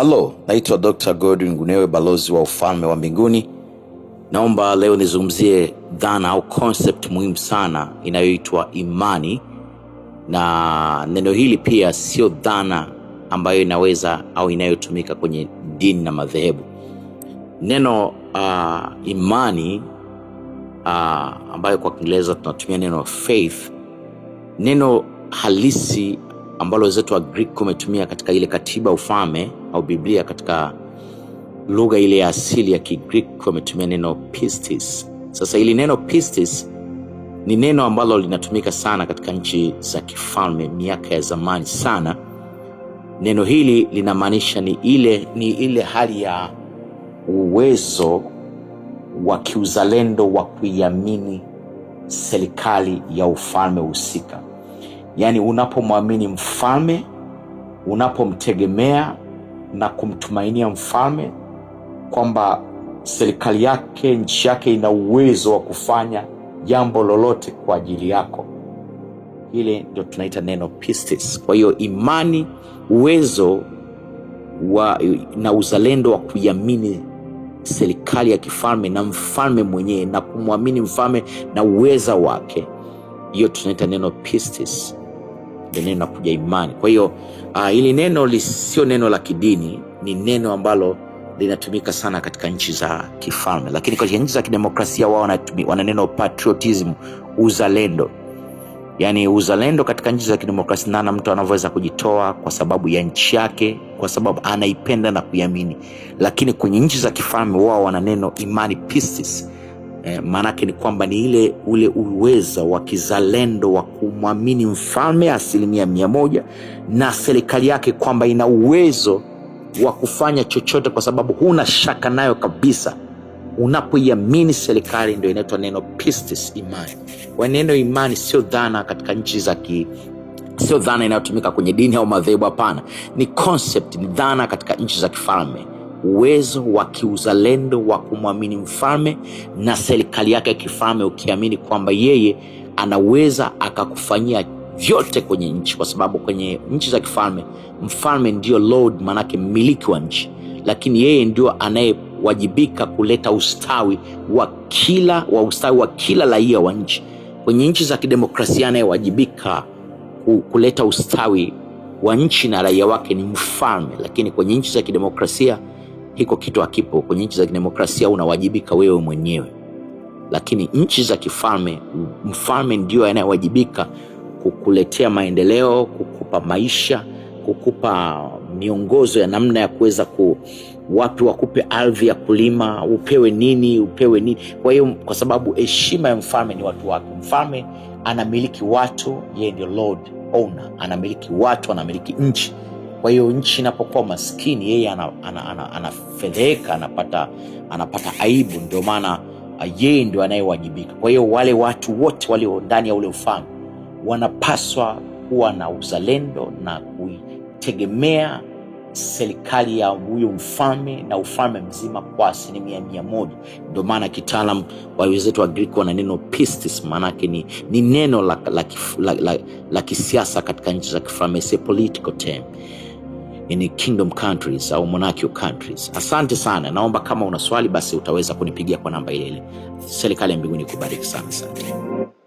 Halo, naitwa Dr. Godwin gunewe balozi wa ufalme wa mbinguni. Naomba leo nizungumzie dhana au concept muhimu sana inayoitwa imani, na neno hili pia sio dhana ambayo inaweza au inayotumika kwenye dini na madhehebu. Neno uh, imani uh, ambayo kwa Kiingereza tunatumia neno faith, neno halisi ambalo wenzetu wa Greek wametumia katika ile katiba ufalme au Biblia katika lugha ile ya asili ya Kigreek wametumia neno pistis. Sasa ili neno pistis ni neno ambalo linatumika sana katika nchi za kifalme miaka ya zamani sana. Neno hili linamaanisha ni ile, ni ile hali ya uwezo wa kiuzalendo wa kuiamini serikali ya ufalme husika yaani unapomwamini mfalme, unapomtegemea na kumtumainia mfalme kwamba serikali yake, nchi yake ina uwezo wa kufanya jambo lolote kwa ajili yako. Hili ndio tunaita neno pistis. Kwa hiyo imani, uwezo wa, na uzalendo wa kuiamini serikali ya kifalme na mfalme mwenyewe na kumwamini mfalme na uweza wake, hiyo tunaita neno pistis ndio neno kuja imani. Kwa hiyo uh, hili neno sio neno la kidini, ni neno ambalo linatumika sana katika nchi za kifalme, lakini katika nchi za kidemokrasia wao wana neno patriotism, uzalendo. yani uzalendo katika nchi za kidemokrasia, nana mtu anavyoweza kujitoa kwa sababu ya nchi yake, kwa sababu anaipenda na kuiamini. Lakini kwenye nchi za kifalme wao wana neno imani, pistis E, maanake ni kwamba ni ile ule uweza wa kizalendo wa kumwamini mfalme asilimia mia moja na serikali yake kwamba ina uwezo wa kufanya chochote, kwa sababu huna shaka nayo kabisa. Unapoiamini serikali, ndio inaitwa neno pistis, imani. Kwa neno imani sio dhana katika nchi za ki sio dhana inayotumika kwenye dini au madhehebu. Hapana, ni concept, ni dhana katika nchi za kifalme uwezo wa kiuzalendo wa kumwamini mfalme na serikali yake ya kifalme, ukiamini kwamba yeye anaweza akakufanyia vyote kwenye nchi, kwa sababu kwenye nchi za kifalme mfalme ndio lord, maanake mmiliki wa nchi, lakini yeye ndio anayewajibika kuleta ustawi wa kila wa ustawi wa kila raia wa nchi. Kwenye nchi za kidemokrasia anayewajibika kuleta ustawi wa nchi na raia wake ni mfalme, lakini kwenye nchi za kidemokrasia hiko kitu hakipo. Kwenye nchi za kidemokrasia unawajibika wewe mwenyewe, lakini nchi za kifalme, mfalme ndio anayewajibika kukuletea maendeleo, kukupa maisha, kukupa miongozo ya namna ya kuweza ku wapi wakupe ardhi ya kulima, upewe nini, upewe nini. Kwa hiyo kwa sababu heshima ya mfalme ni watu wake. Mfalme anamiliki watu, yeye ndio lord owner, anamiliki watu, anamiliki nchi. Kwa hiyo nchi inapokuwa maskini, yeye anafedheka, ana, ana, ana anapata, anapata aibu. Ndio maana ah, yeye ndio anayewajibika. Kwa hiyo wale watu wote walio ndani ya ule ufalme wanapaswa kuwa na uzalendo na kuitegemea serikali ya huyo mfalme na ufalme mzima kwa asilimia mia moja. Ndio maana kitaalam wa wenzetu wa grik wana neno pistis, maanake ni, ni neno la, la, la, la, la kisiasa katika nchi za kifalme, political term yani kingdom countries au monarchy countries. Asante sana, naomba kama una swali basi utaweza kunipigia kwa namba ile ile. Serikali ya mbinguni kubariki sana, asante.